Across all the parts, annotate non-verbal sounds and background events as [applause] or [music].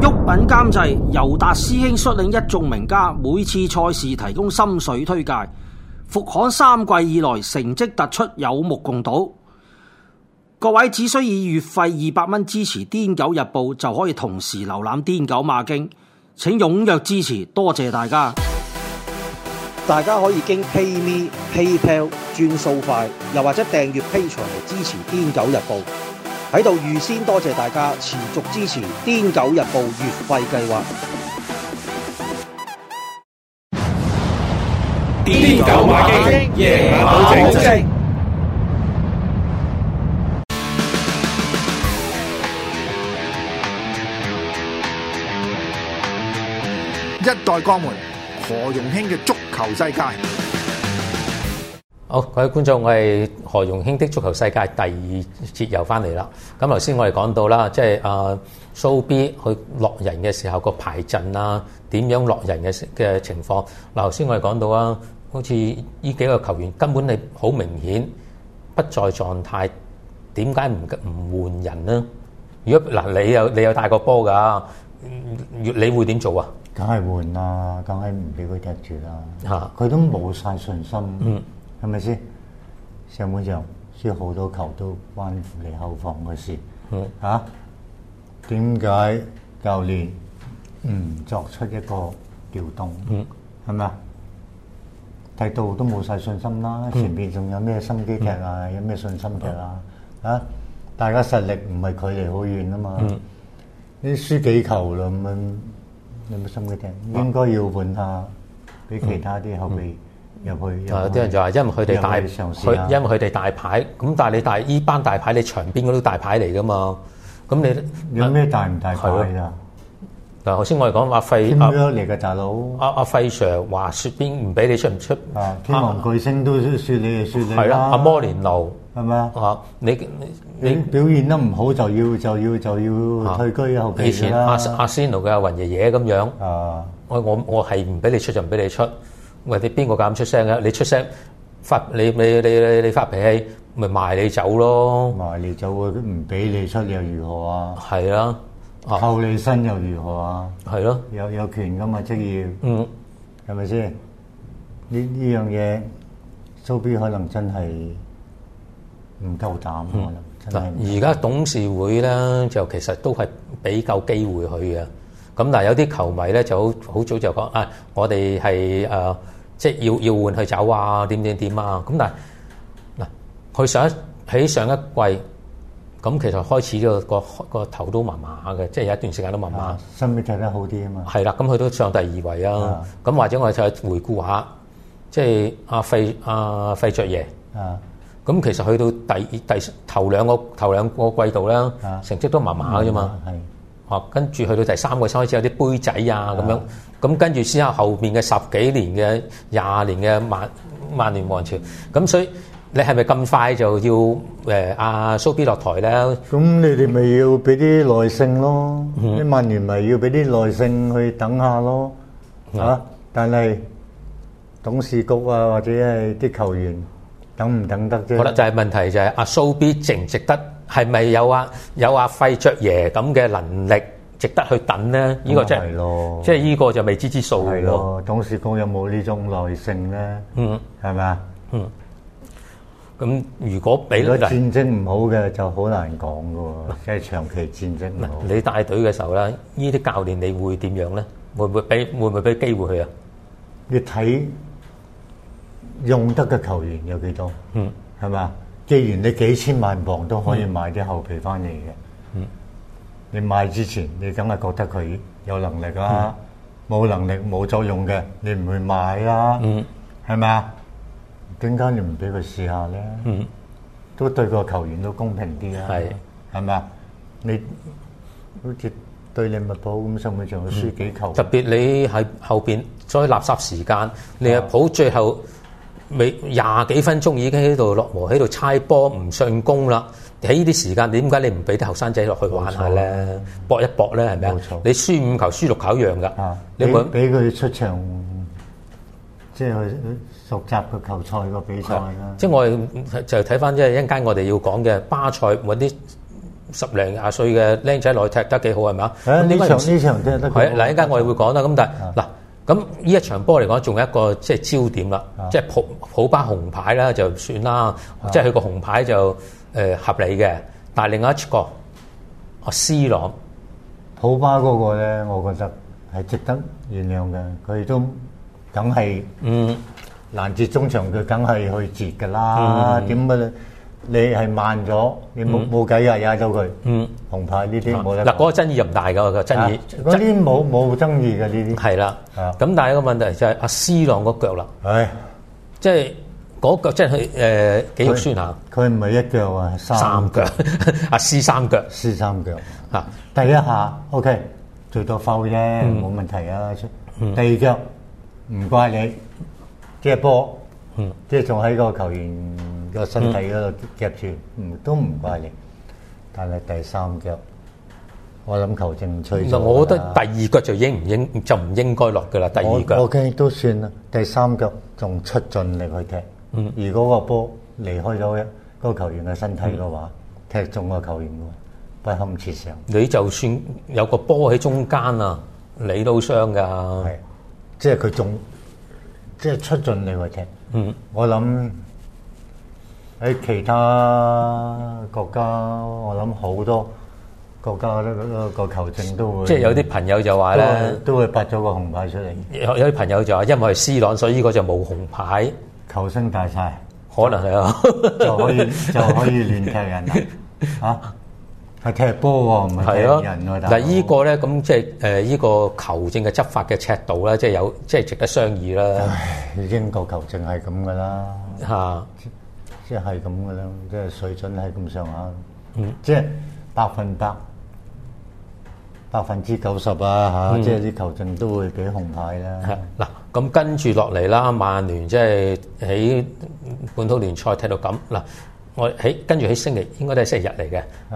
玉品監製尤達師兄率領一眾名家，每次賽事提供心水推介。復刊三季以來成績突出，有目共睹。各位只需要以月費二百蚊支持《癲狗日報》，就可以同時瀏覽《癲狗馬經》。請踴躍支持，多謝大家！大家可以經 PayMe、PayPal 轉數快，又或者訂閱 Patreon 嚟支持《癲狗日報》。喺度預先多謝大家持續支持《癲狗日報月費計劃》。癲狗馬經，贏馬正正。一代鋼門何容興嘅足球世界。好，各位觀眾，我係何容興的足球世界第二節又翻嚟啦。咁頭先我哋講到啦，即係啊蘇 B 去落人嘅時候個排陣啊，點樣落人嘅嘅情況。嗱頭先我哋講到啊，好似呢幾個球員根本你好明顯不在狀態，點解唔唔換人呢？如果嗱你有你有帶個波㗎，你會點做換啊？梗係換啦，梗係唔俾佢踢住啦。嚇，佢都冇晒信心。嗯。係咪先？上半場輸好多球都關乎你後防嘅事、啊。嗯。嚇？點解教練唔作出一個調動？嗯。係咪、嗯、啊？睇到都冇晒信心啦。前邊仲有咩心機踢啊？有咩信心踢啊？嚇！大家實力唔係距離好遠啊嘛。你、嗯、輸幾球啦？咁樣有冇心機踢、嗯？應該要換下俾其他啲後備。嗯入去，有啲人就話，因為佢哋大，佢因為佢哋大牌，咁但係你大依班大牌，你場邊嗰啲大牌嚟噶嘛？咁你，你有咩大唔大牌啊？嗱，頭、啊、先我哋講話費，天都嚟嘅大佬，阿阿費 Sir 話説邊唔俾你出唔出？啊，天王巨星都説你誒説你啦。阿、啊、摩連奴係咪啊？你你表現得唔好就要就要就要退居後備啦。阿阿仙奴嘅阿雲爺爺咁樣，啊、我我我係唔俾你出就唔俾你出。喂，你邊個敢出聲啊？你出聲發你你你你發脾氣，咪賣你走咯！賣你走啊，佢唔俾你出又如何啊？係啊，厚你身又如何啊？係咯，有有權噶嘛職業？嗯，係咪先？呢呢樣嘢，蘇 B 可能真係唔夠膽啊！嗱，而家董事會咧就其實都係俾夠機會佢嘅。咁但係有啲球迷咧就好好早就講啊，哎，我哋係誒，即係要要換去走啊？點點點啊！咁但係嗱，佢上一喺上一季，咁其實開始咗個個頭都麻麻嘅，即係有一段時間都麻麻。身邊睇得好啲啊嘛。係啦，咁佢都上第二位啊。咁或者我哋再回顧下，即係阿費阿費卓爺。啊，咁其實去到第第，第頭兩個頭兩個季度啦，成績都麻麻嘅啫嘛。哦，跟住去到第三個賽，開始有啲杯仔啊咁樣，咁跟住先有後面嘅十幾年嘅廿年嘅曼曼聯王朝，咁所以你係咪咁快就要誒阿蘇 B 落台咧？咁你哋咪要俾啲耐性咯，啲曼聯咪要俾啲耐性去等下咯，嚇？但係董事局啊或者係啲球員等唔等得啫？好啦，就係問題就係阿蘇 B 值唔值得？係咪有啊，有啊費爵爺咁嘅能力值得去等咧？呢個真係咯，即係呢個就未知之數咯。董事局有冇呢種耐性咧？嗯，係咪啊？嗯。咁如果俾如果戰爭唔好嘅就好難講噶喎，即係長期戰爭唔好。你帶隊嘅時候咧，呢啲教練你會點樣咧？會唔會俾會唔會俾機會佢啊？你睇用得嘅球員有幾多？嗯，係咪啊？既然你幾千萬磅都可以買啲後備翻嚟嘅，嗯，你買之前你梗係覺得佢有能力啊，冇能力冇作用嘅，你唔會買啊，嗯，係咪啊？點解你唔俾佢試下咧？嗯，都對個球員都公平啲啊，係，係咪啊？你好似對利物浦咁，甚至仲要輸幾球，特別你喺後邊再垃圾時間，利物浦最後，未廿幾分鐘已經喺度落磨，喺度猜波唔進攻啦！喺呢啲時間，點解你唔俾啲後生仔落去玩下咧？搏一搏咧，係咪啊？你輸五球、輸六球一樣㗎。啊！你會俾佢出場，即係去熟習個球賽個比賽啦、啊。即係我哋就睇翻，即係一陣間我哋要講嘅巴塞，搵啲十零廿歲嘅僆仔來踢得幾好係咪啊？誒，呢場呢場踢得。係嗱、啊，一陣間我哋會講啦。咁但係嗱。啊。咁呢一場波嚟講，仲有一個即係焦點啦、啊，即係普普巴紅牌啦，就算啦、啊，即係佢個紅牌就合理嘅。但係另外一個阿 C 朗，普巴嗰個咧，我覺得係值得原諒嘅。佢都梗係嗯攔截中場，佢梗係去截㗎啦。點樣、嗯、啊？你係慢咗，你冇冇計噶，踩走佢。嗯，紅牌呢啲冇嗱，嗰個爭議又唔大噶、嗰個爭議，嗰啲冇冇爭議噶呢啲。係啦，咁、啊啊、但係一個問題就係阿 C 朗個腳、啊即係、嗰個腳啦。係、呃，即係嗰腳即係誒肌肉痠啊！佢唔係一腳啊，三腳。三腳 [laughs] 阿 C 三腳。C 三腳、啊。第一下 OK，最多 foul 啫，冇、嗯、問題啊。嗯、第二腳唔怪你，即係波，即係仲喺個球員。個身體嗰度夾住，嗯，都唔怪你。但係第三腳，我諗球證吹咗啦。其實我覺得第二腳就應唔應就唔應該落噶啦。第二腳，我嘅都算啦。第三腳仲出盡力去踢。嗯，如果個波離開咗個球員嘅身體嘅話，踢中個球員嘅話，不堪設想。你就算有個波喺中間啊，你都傷噶。係，即係佢仲即係出盡力去踢。嗯，我諗。喺其他國家，我諗好多國家咧個球證都會，即係有啲朋友就話咧，都會拔咗個紅牌出嚟。有啲朋友就話，因為係 C 朗，所以呢個就冇紅牌。球星大晒，可能係啊就，就可以就可以亂踢人嚇，係、 [laughs] 啊、踢波喎、啊，唔係踢人喎、啊。但係依個咧咁即係誒依個球證嘅執法嘅尺度咧，即、就、係、是、有即係、就是、值得商議啦。英國球證係咁噶啦，嚇、啊。即係咁嘅啦，即係水準係咁上下。嗯，即係百分百百分之九十啊嚇、嗯，即係啲球證都會俾紅牌啦。嗱，咁跟住落嚟啦，曼聯即係喺本土聯賽踢到咁嗱，我喺跟住喺星期應該都係星期日嚟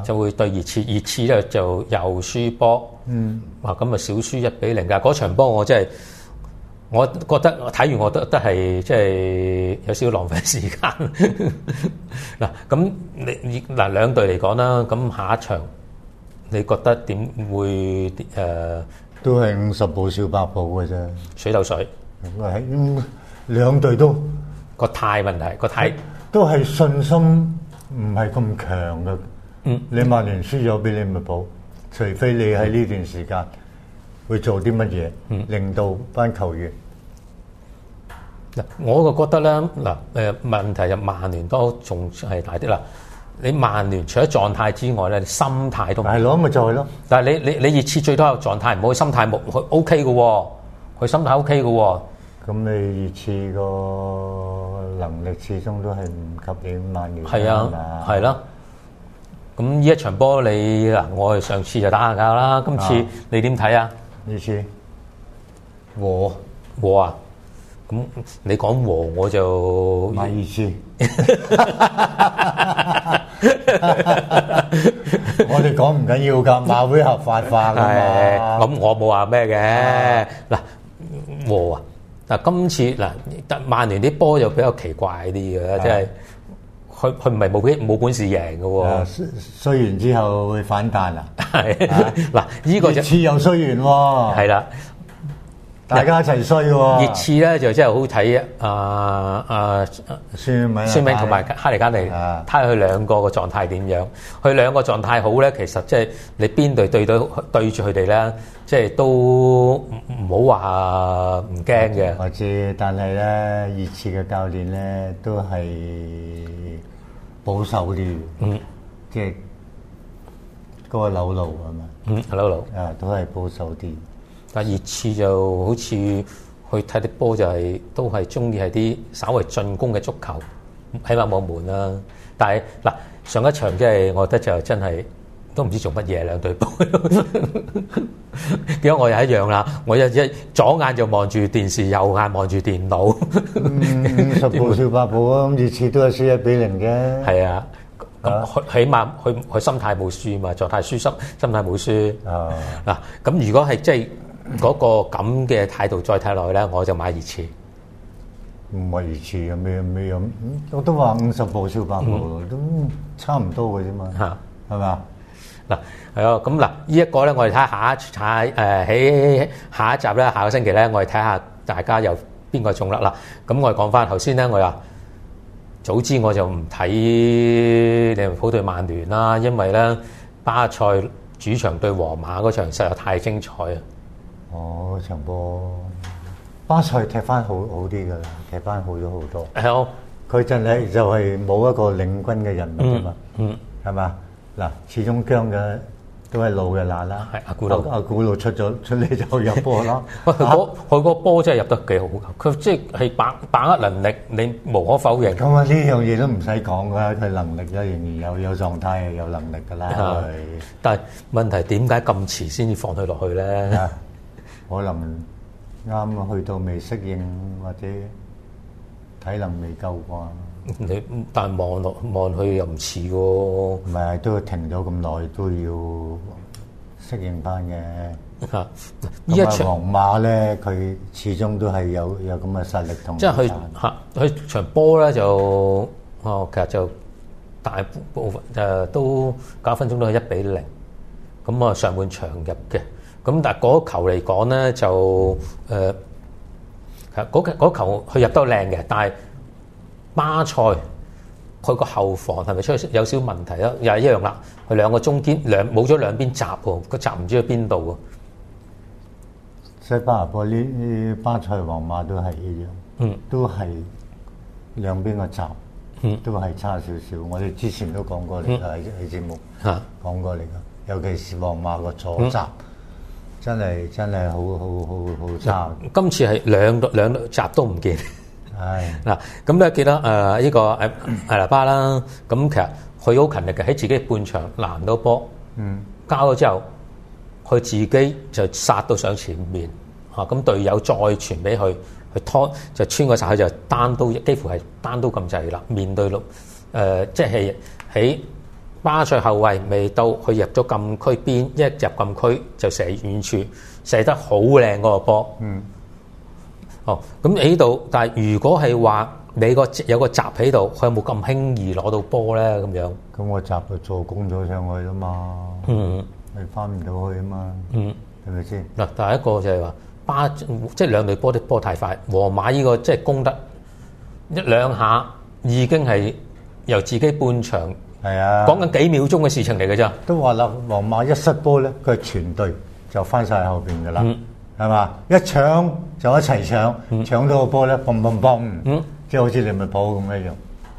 嘅，就會對熱刺。熱刺咧就又輸波。嗯，哇、啊，咁啊少輸一比零㗎，嗰場波我真係。我覺得我睇完我都都係即係有少少浪費時間嗱，咁你你嗱，兩隊嚟講啦，咁下一場你覺得點會誒？都係五十步笑百步嘅啫，水鬥水。咁啊喺兩隊都個態問題，個態都係信心唔係咁強嘅。嗯，你曼聯輸咗俾利物浦，除非你喺呢段時間。會做啲乜嘢，令到班球員？嗱、嗯，我就覺得咧，嗱、呃，誒問題就曼聯都仲係大啲啦。你曼聯除咗狀態之外咧、就是就是，心態都係咯，咪就係咯。但係、OK、你你你熱刺最多有狀態，唔好心態冇佢 OK 嘅喎，佢心態 OK 嘅喎。咁你熱刺個能力始終都係唔及你曼聯嘅，係啊，係咯。咁呢、啊、一場波你嗱，我哋上次就打下架啦，今次你點睇啊？啊意思和和啊？咁你講和我就唔係意思。 [laughs] 我哋講唔緊要噶，馬會合法化噶嘛、哎？咁我冇話咩嘅嗱和啊嗱今次嗱曼聯啲波就比較奇怪啲嘅，即係。佢佢唔係冇冇本事贏㗎喎、啊，衰衰完之後會反彈啊！係 [laughs] 嗱、啊，呢 [laughs] 個就次又衰完喎，係啦。大家一齊衰喎！熱刺咧就真係好睇啊！啊，孫明、孫明同埋哈利·卡尼，睇下、啊、佢兩個嘅狀態點樣？佢兩個狀態好咧，其實即係你邊隊對到對住佢哋咧，即係都唔好話唔驚嘅。我知，但係咧熱刺嘅教練咧都係保守啲，嗯，即係嗰個柳魯啊嘛，嗯，柳魯啊都係保守啲。啊！熱刺就好似去睇啲波，就係都係中意係啲稍微進攻嘅足球，起碼冇悶啦、啊。但係嗱上一場即係我覺得就真係都唔知做乜嘢兩隊波。點 [laughs] 解我又一樣啦？我一一左眼就望住電視，右眼望住電腦、嗯。十步笑八步啊！熱 [laughs] 刺都係輸一比零嘅。係啊，咁、啊、起碼佢佢心態冇輸嘛，狀態輸心，心態冇輸啊，嗱、啊、咁如果係即係。嗰個咁嘅態度再睇落去咧，我就買二次。唔係二次啊？咩咩咁？我都話五十步笑百步，咁、嗯、差唔多嘅啫嘛。嚇係咪啊？嗱係啊。咁嗱呢一個咧，我哋睇下一，誒喺下一集咧，下個星期咧，我哋睇下大家又邊個中甩啦。咁我哋講翻頭先咧，我話早知我就唔睇利物浦對曼聯啦，因為咧巴塞主場對皇馬嗰場實在太精彩啊！哦，場波巴塞踢翻好好啲噶啦，踢翻好咗好多。係，佢真係就係就係冇一個領軍嘅人物㗎嘛，嗯，係嘛？嗱，始終姜嘅都係老嘅難啦。阿古魯阿古魯出咗出嚟就入波咯。佢個佢個波真係入得幾好，佢即係把把握能力，你無可否認。咁啊，呢樣嘢都唔使講㗎，佢能力啦，仍然有有狀態，有能力噶啦。但係問題點解咁遲先至放佢落去咧？可能啱去到未適應，或者體能未夠啩？你但望落望去又唔似喎。唔係，都停咗咁耐，都要適應翻嘅。嚇！咁啊，皇馬咧，佢始終都係有有咁嘅實力同即係去嚇佢場波咧就哦，其實就大部分誒、呃、都九分鐘都係一比零，咁啊上半場入嘅。咁但係嗰球嚟講咧就嗰、呃嗰個嗰個、球佢入得靚嘅，但係巴塞佢個後防係咪出有少少問題咯？又係一樣啦。佢兩個中堅兩冇咗兩邊閘喎，個閘唔知去邊度喎。西班牙波呢呢巴塞、皇馬都係一樣，嗯，都係兩邊個閘，都係差少少。我哋之前都講過嚟嘅喺喺節目講過嚟嘅，尤其是皇馬個左閘。嗯真係真係好好好好差！今次係兩兩集都唔見。唉，嗱，咁咧記得呢、啊、依、呃呢個係阿拉巴啦。咁其實佢好勤力嘅，喺自己半場攔到波。嗯，交咗之後，佢自己就殺到上前面嚇。咁、啊、隊友再傳俾佢，佢拖就穿過曬，就單刀，幾乎係單刀咁滯啦。面對六誒，即係喺。就是巴塞後衞未到，佢入咗禁區邊，一入禁區就射遠處，射得好靚嗰個波。嗯。哦，咁喺度，但係如果係話你個有個閘喺度，佢有冇咁輕易攞到波咧？咁樣。咁個閘就助攻咗上去啦嘛。嗯。你翻唔到去啊嘛。嗯。係咪先？嗱，第一個就係話巴，即係兩隊波啲波太快。皇馬呢個即係攻得一兩下已經係由自己半場。係啊，講緊幾秒鐘嘅事情嚟嘅咋。都話啦，皇馬一失波咧，佢全隊就翻晒後邊噶啦，係、嗯、嘛？一搶就一齊搶，搶、嗯、到個波咧，嘣嘣嘣，即係、嗯、好似你咪抱咁嘅樣，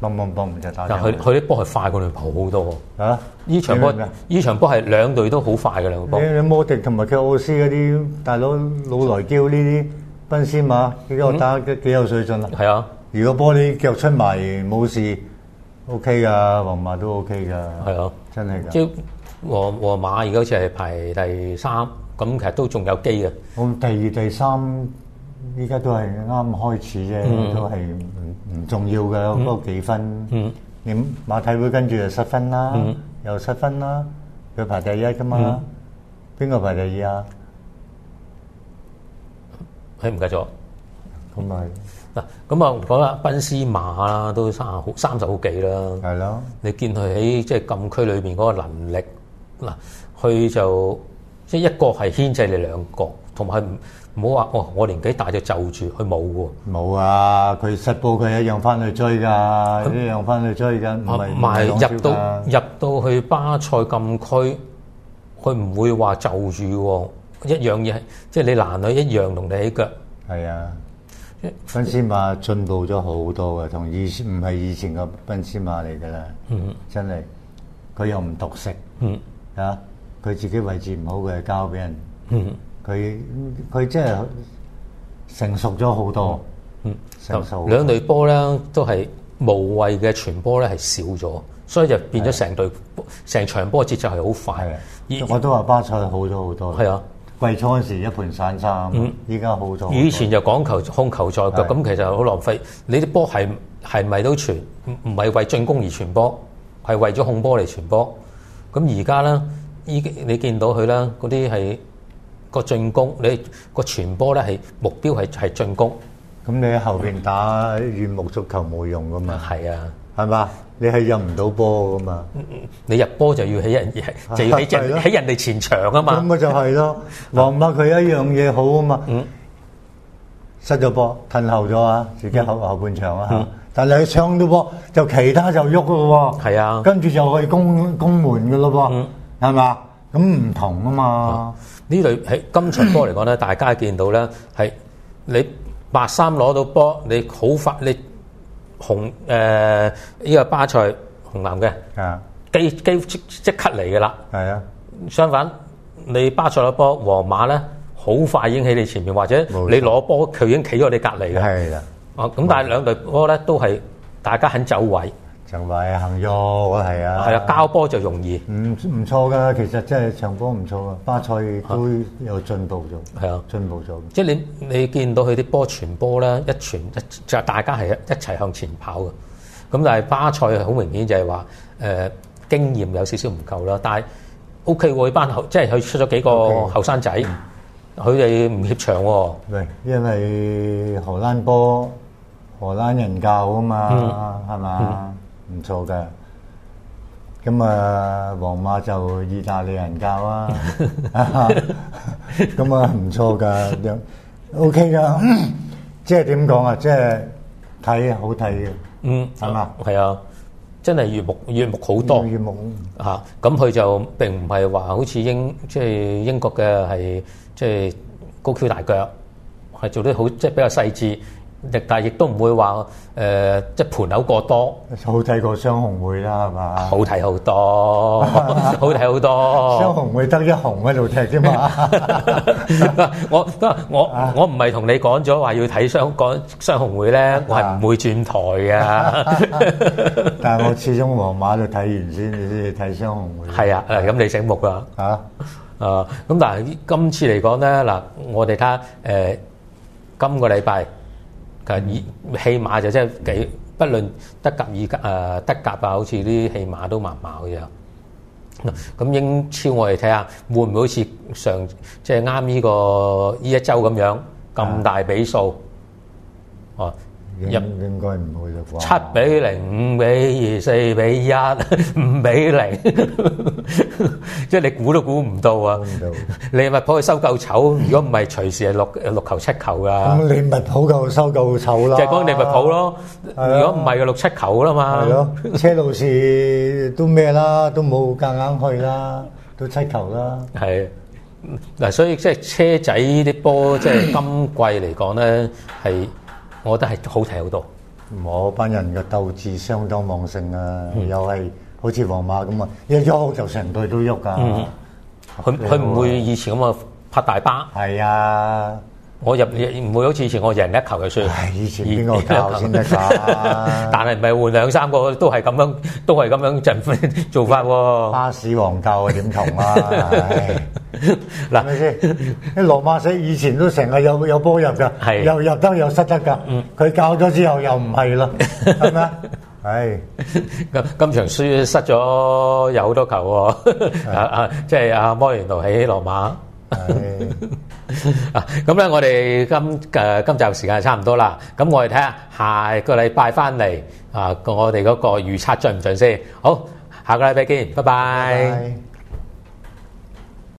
嘣嘣嘣就打。但係佢佢啲波係快過你跑好多，喎、啊，呢場波呢場波係兩隊都好快噶啦，波。你你,你,你摩迪同埋克奧斯嗰啲大佬老來嬌呢啲，奔斯馬呢有打幾有水準啦？係、嗯、啊，如果波你腳出埋冇事。O K 噶，皇馬都 O K 噶，係咯，真係噶。即皇皇馬而家好似係排第三，咁其實都仲有機嘅。咁第二第三，依家都係啱啱開始啫，都係唔唔重要嘅嗰、嗯嗯那個、幾分。嗯，嗯，你馬體會跟住就失分啦、嗯嗯，又失分啦，佢排第一噶嘛？邊、嗯、個排第二啊？佢唔計咗。咁咪嗱，咁啊講啦，賓斯馬都三十好三十好幾啦，係咯。你見佢喺即係禁區裏邊嗰個能力，嗱，佢就即係一個係牽制你兩個，同埋唔好話哦，我年紀大就就住佢冇嘅喎。冇啊，佢失波佢一樣翻去追㗎，一樣翻去追㗎，唔係唔入到入到去巴塞禁區，佢唔會話就住喎，一樣嘢即係你攔佢一樣同你喺腳。係啊。賓斯馬進步咗好多嘅，同以前唔係以前嘅賓斯馬嚟噶啦。嗯，真係佢又唔獨食，嗯，啊，佢自己位置唔好，嘅交俾人，嗯，佢佢真係成熟咗好多，嗯，嗯成熟兩隊波咧都係無謂嘅傳波咧係少咗，所以就變咗成隊成場波節奏係好快。係啊，我都話巴塞好咗好多，係啊。季初嗰時一盤散沙，依家好咗。以前就講求控球在腳，咁其實好浪費。你啲波係係咪都傳？唔唔係為進攻而傳波，係為咗控波嚟傳波。咁而家咧，依你見到佢啦，嗰啲係個進攻，你個傳波咧係目標係係進攻。咁你喺後邊打遠目足球冇用噶嘛？係啊，係嘛？你係入唔到波噶嘛？你入波就要喺人，就要喺人喺人哋前場啊嘛。咁咪就係咯，望下佢一樣嘢好啊嘛、嗯塞咗。失咗波，褪後咗啊，自己後後半場啊。嗯嗯但係佢搶到波，就其他就喐咯喎。係啊，跟住就去攻攻門噶咯喎。係、嗯、嘛、嗯這？咁唔同啊嘛。呢類喺今場波嚟講咧，大家見到咧係你白衫攞到波，你好快你。紅誒呢個巴塞紅藍嘅，基基即即刻嚟嘅啦。係啊，相反你巴塞攞波，皇馬咧好快已經喺你前面，或者你攞波佢已經企咗你隔籬嘅。係啦。哦，咁但係兩隊波咧都係大家肯走位。長位行咗，我係啊，係啊，交波就容易，唔唔錯噶，其實真係場波唔錯啊！巴塞都有進步咗，係啊，進步咗啊。即係你你見到佢啲波傳波啦，一傳一就大家係一齊向前跑嘅。咁但係巴塞好明顯就係話誒經驗有少少唔夠啦。但係 O K 喎，佢班後即係佢出咗幾個後生仔，佢哋唔怯場喎，因為荷蘭波、荷蘭人教啊嘛，係、嗯、嘛？是吧嗯唔錯噶，咁啊，皇馬就意大利人教啊，咁啊唔錯噶，咁樣 OK 噶，即係點講啊？即係睇好睇嘅，嗯，係嘛、啊？係、嗯嗯、啊，啊，真係越目越目好多，越，越目吓，咁、啊、佢就並唔係話好似英即係、就是、英國嘅係即係高蹺大腳，係做得好即係、就是、比較細致。但亦都唔會話誒、呃，即係盤口過多，好睇過雙紅會啦，係嘛？好睇好多，好睇好多，雙紅會得一紅喺度踢啫嘛。我我我唔係同你講咗話要睇雙講雙紅會咧，我係唔會轉台嘅。 [laughs] [laughs] 但我始終皇馬就睇完先，先至睇雙紅會。係啊，咁你醒目㗎吓，咁、啊、但係今次嚟講咧嗱，我哋睇下誒今個禮拜。誒以戲碼就真係幾，不論德甲、呃、甲、意甲誒德甲啊，好似啲戲碼都麻麻嘅啫。咁英超我哋睇下會唔會好似上即係啱呢個呢一周咁樣咁大比數哦。嗯啊應應該唔會嘅話，七比零，五比二，四比一，五比零，即係你估都估唔到啊！唔到，利物浦去收夠醜，如果唔係隨時係六六球七球噶。咁利物浦夠收夠醜啦，即係講利物浦咯。如果唔係個六七球啦嘛，車路士都咩啦，都冇夾硬去啦，都七球啦。係嗱，所以即係車仔啲波，即係今季嚟講咧係。我覺得係好睇好多，嗯，我班人嘅鬥志相當旺盛啊，嗯！又係好似皇馬咁啊，一喐就成隊都喐噶，佢佢唔會以前咁啊拍大巴。係啊，我入唔會好似以前我贏一球嘅衰。以前邊個教先得噶？但係唔係換兩三個都係咁樣，都係咁樣陣做法，啊。巴士王教啊，點同啊，哎？ [laughs] 嗱，係咪先？啲羅馬死以前都成日有有波入噶，又入得又失得噶。佢教咗之後又唔係啦，係咪？係。今今場輸失咗有好多球喎。啊啊，即係阿摩連奴起起羅馬。咁咧，我哋今誒今集時間差唔多啦。咁我哋睇下下個禮拜翻嚟啊，我哋嗰個預測準唔準先？好，下個禮拜見，拜拜。